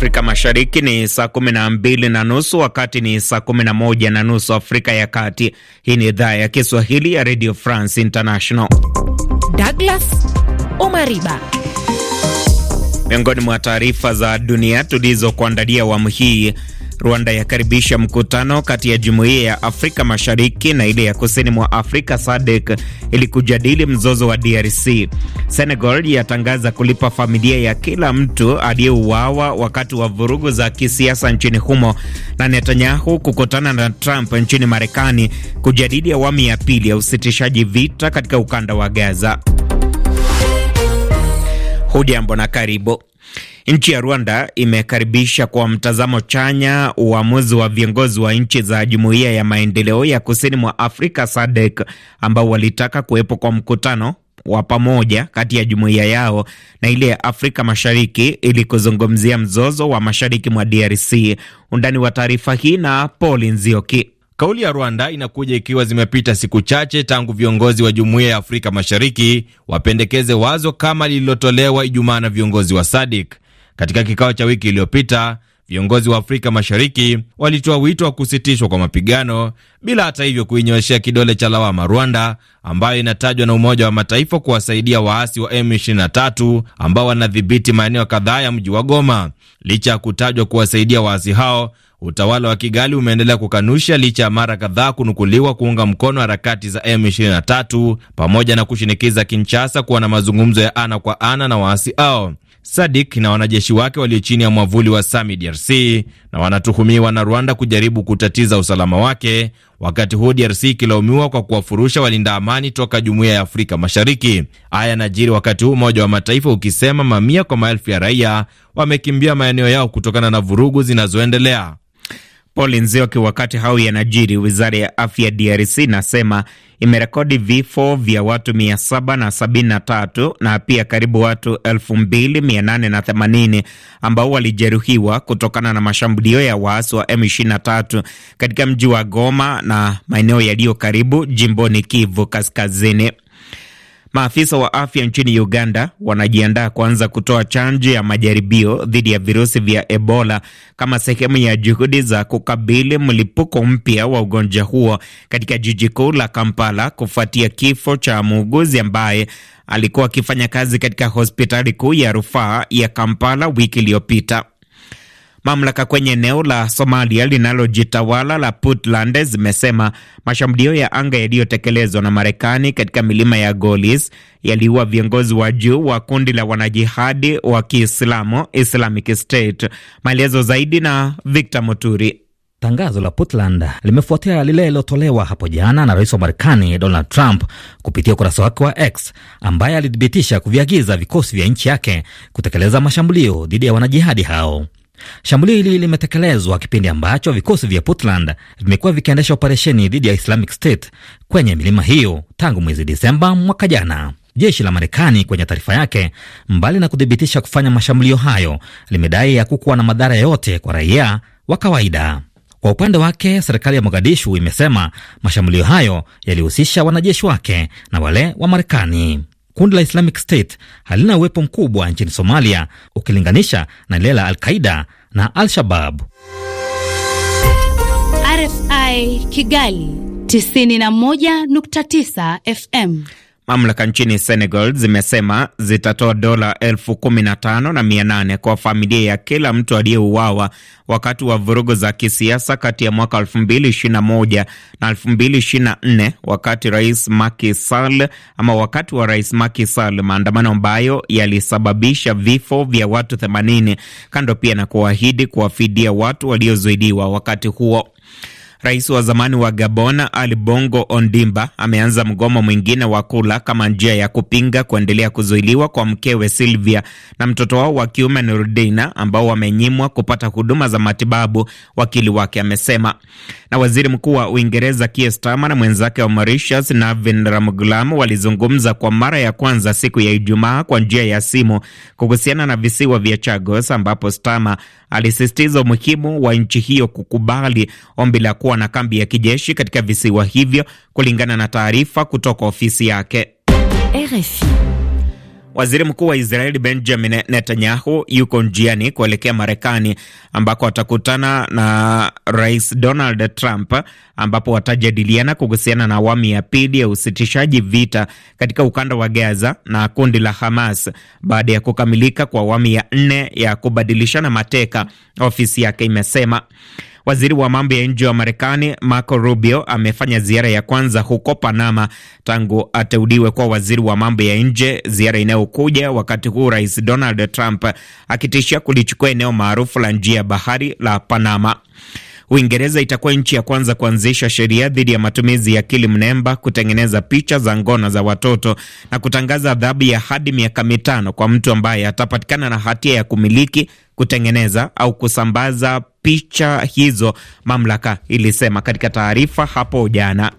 Afrika Mashariki ni saa kumi na mbili na nusu wakati ni saa kumi na moja na nusu Afrika ya Kati. Hii ni idhaa ya Kiswahili ya Radio France International. Douglas Omariba, miongoni mwa taarifa za dunia tulizokuandalia awamu hii Rwanda yakaribisha mkutano kati ya jumuiya ya Afrika Mashariki na ile ya kusini mwa Afrika SADC ili kujadili mzozo wa DRC. Senegal yatangaza kulipa familia ya kila mtu aliyeuawa wakati wa vurugu za kisiasa nchini humo, na Netanyahu kukutana na Trump nchini Marekani kujadili awamu ya pili ya usitishaji vita katika ukanda wa Gaza. Hujambo na karibu. Nchi ya Rwanda imekaribisha kwa mtazamo chanya uamuzi wa viongozi wa nchi za Jumuiya ya Maendeleo ya Kusini mwa Afrika SADC ambao walitaka kuwepo kwa mkutano wa pamoja kati ya jumuiya yao na ile ya Afrika Mashariki ili kuzungumzia mzozo wa mashariki mwa DRC. Undani wa taarifa hii na Paul Nzioki. Kauli ya Rwanda inakuja ikiwa zimepita siku chache tangu viongozi wa jumuiya ya Afrika Mashariki wapendekeze wazo kama lililotolewa Ijumaa na viongozi wa SADC. Katika kikao cha wiki iliyopita, viongozi wa Afrika Mashariki walitoa wito wa kusitishwa kwa mapigano bila hata hivyo kuinyoeshea kidole cha lawama Rwanda ambayo inatajwa na Umoja wa Mataifa kuwasaidia waasi wa M23 ambao wanadhibiti maeneo kadhaa ya mji wa Goma. Licha ya kutajwa kuwasaidia waasi hao, utawala wa Kigali umeendelea kukanusha licha ya mara kadhaa kunukuliwa kuunga mkono harakati za M23 pamoja na kushinikiza Kinshasa kuwa na mazungumzo ya ana kwa ana na waasi hao. Sadik na wanajeshi wake walio chini ya mwavuli wa Sami DRC na wanatuhumiwa na Rwanda kujaribu kutatiza usalama wake, wakati huu DRC ikilaumiwa kwa kuwafurusha walinda amani toka jumuiya ya Afrika Mashariki. Haya yanajiri wakati huu Umoja wa Mataifa ukisema mamia kwa maelfu ya raia wamekimbia maeneo yao kutokana na vurugu zinazoendelea. Paul Nzioki. Wakati hao yanajiri, wizara ya afya DRC inasema imerekodi vifo vya watu 773 na pia karibu watu 2880 ambao walijeruhiwa kutokana na mashambulio ya waasi wa M23 katika mji wa Goma na maeneo yaliyo karibu jimboni Kivu Kaskazini. Maafisa wa afya nchini Uganda wanajiandaa kuanza kutoa chanjo ya majaribio dhidi ya virusi vya Ebola kama sehemu ya juhudi za kukabili mlipuko mpya wa ugonjwa huo katika jiji kuu la Kampala kufuatia kifo cha muuguzi ambaye alikuwa akifanya kazi katika hospitali kuu ya rufaa ya Kampala wiki iliyopita. Mamlaka kwenye eneo la Somalia linalojitawala la Puntland zimesema mashambulio ya anga yaliyotekelezwa na Marekani katika milima ya Golis yaliua viongozi wa juu wa kundi la wanajihadi wa Kiislamu, Islamic State. Maelezo zaidi na Victor Moturi. Tangazo la Puntland limefuatia lile lilotolewa hapo jana na rais wa Marekani Donald Trump kupitia ukurasa wake wa X, ambaye alithibitisha kuviagiza vikosi vya nchi yake kutekeleza mashambulio dhidi ya wanajihadi hao. Shambulio hili limetekelezwa kipindi ambacho vikosi vya Puntland vimekuwa vikiendesha operesheni dhidi ya Islamic State kwenye milima hiyo tangu mwezi Disemba mwaka jana. Jeshi la Marekani kwenye taarifa yake, mbali na kuthibitisha kufanya mashambulio hayo, limedai kukuwa na madhara yoyote kwa raia wa kawaida. Kwa upande wake, serikali ya Mogadishu imesema mashambulio hayo yalihusisha wanajeshi wake na wale wa Marekani. Kundi la Islamic State halina uwepo mkubwa nchini Somalia ukilinganisha na lile la Al-Qaida na Al-Shabab. RFI Kigali 91.9 FM. Mamlaka nchini Senegal zimesema zitatoa dola elfu kumi na tano na mia nane kwa familia ya kila mtu aliyeuawa wakati wa vurugu za kisiasa kati ya mwaka 2021 na 2024 wakati rais Macky Sall ama wakati wa rais Macky Sall, maandamano ambayo yalisababisha vifo vya watu 80 kando pia na kuahidi kuwafidia watu waliozuidiwa wakati huo. Rais wa zamani wa Gabon Ali Bongo Ondimba ameanza mgomo mwingine wa kula kama njia ya kupinga kuendelea kuzuiliwa kwa mkewe Silvia na mtoto wao wa kiume Nurdina ambao wamenyimwa kupata huduma za matibabu, wakili wake amesema. Na waziri mkuu wa Uingereza Keir Starmer na mwenzake wa Mauritius Navin Ramgoolam walizungumza kwa mara ya kwanza siku ya Ijumaa kwa njia ya simu kuhusiana na visiwa vya Chagos ambapo Starmer alisisitiza umuhimu wa nchi hiyo kukubali ombi la kuwa na kambi ya kijeshi katika visiwa hivyo, kulingana na taarifa kutoka ofisi yake RFI. Waziri mkuu wa Israeli Benjamin Netanyahu yuko njiani kuelekea Marekani ambako atakutana na Rais Donald Trump ambapo watajadiliana kuhusiana na awamu ya pili ya usitishaji vita katika ukanda wa Gaza na kundi la Hamas baada ya kukamilika kwa awamu ya nne ya kubadilishana mateka, ofisi yake imesema. Waziri wa mambo ya nje wa Marekani Marco Rubio amefanya ziara ya kwanza huko Panama tangu ateuliwe kuwa waziri wa mambo ya nje, ziara inayokuja wakati huu Rais Donald Trump akitishia kulichukua eneo maarufu la njia ya bahari la Panama. Uingereza itakuwa nchi ya kwanza kuanzisha sheria dhidi ya matumizi ya akili mnemba kutengeneza picha za ngono za watoto na kutangaza adhabu ya hadi miaka mitano kwa mtu ambaye atapatikana na hatia ya kumiliki, kutengeneza au kusambaza picha hizo, mamlaka ilisema katika taarifa hapo jana.